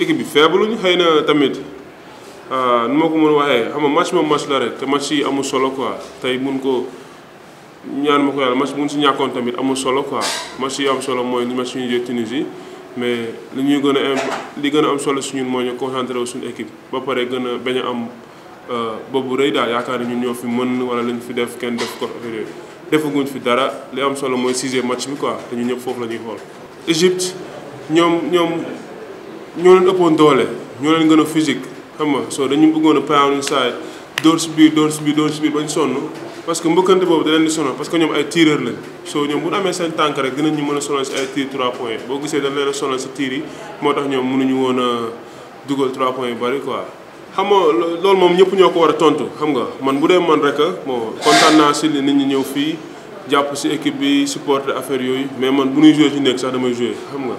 équipe bi faible ñu xëy na tamit ah, nu ma ko mën waxee xam nga match moom match la rek te match yi amul solo quoi tey mun koo ñaan ma ko yàlla match mun si ñàkkoon tamit amul solo quoi match yi am solo mooy match yi ñu mais li ñuy gën li gën a am solo si ñun mooy ñu concentré wu suñu équipe ba pare gën a bañ a am ah, boobu rëy daal yaakaar ni ñun ñoo fi mën wala ñu fi def kenn def ko defaguñ fi dara li am solo mooy sixième match bi quoi te ñun ñëpp foofu la ñuy xool Égypte ñoom ñoom. ñoo leen ëppoon doole ñoo leen gën a physique xam nga soo dañu bëggoon a paanuñ saa dóor si biir dóor si biir dóor si biir bañ sonn parce que mbëkkante boobu da leen di sonal parce que ñoom ay tireur lañ soo ñoom bu amee seen tànk rek dinañ ñu mën a sonal si ay tir 3 points boo gisee dañ leen a sonal si tiir yi moo tax ñoom mënuñu woon a dugal 3 points bari quoi. xam nga loolu moom ñëpp ñoo ko war a tontu xam nga man bu dee man rek bon kontaan naa si li nit ñi ñëw fii jàpp si équipe bi supporter affaire yooyu mais man bu ñuy joué ci nekk sax xam nga.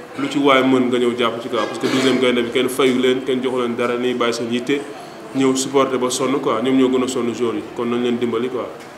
lu ci waaye mën nga ñëw jàpp ci kaw parce que deuxième gaynde bi kenn fayu leen kenn joxu leen dara nii bàyyi seen yitte ñëw supporter ba sonn quoi ñoom ñoo gën a sonn jour yi kon nañ leen dimbali quoi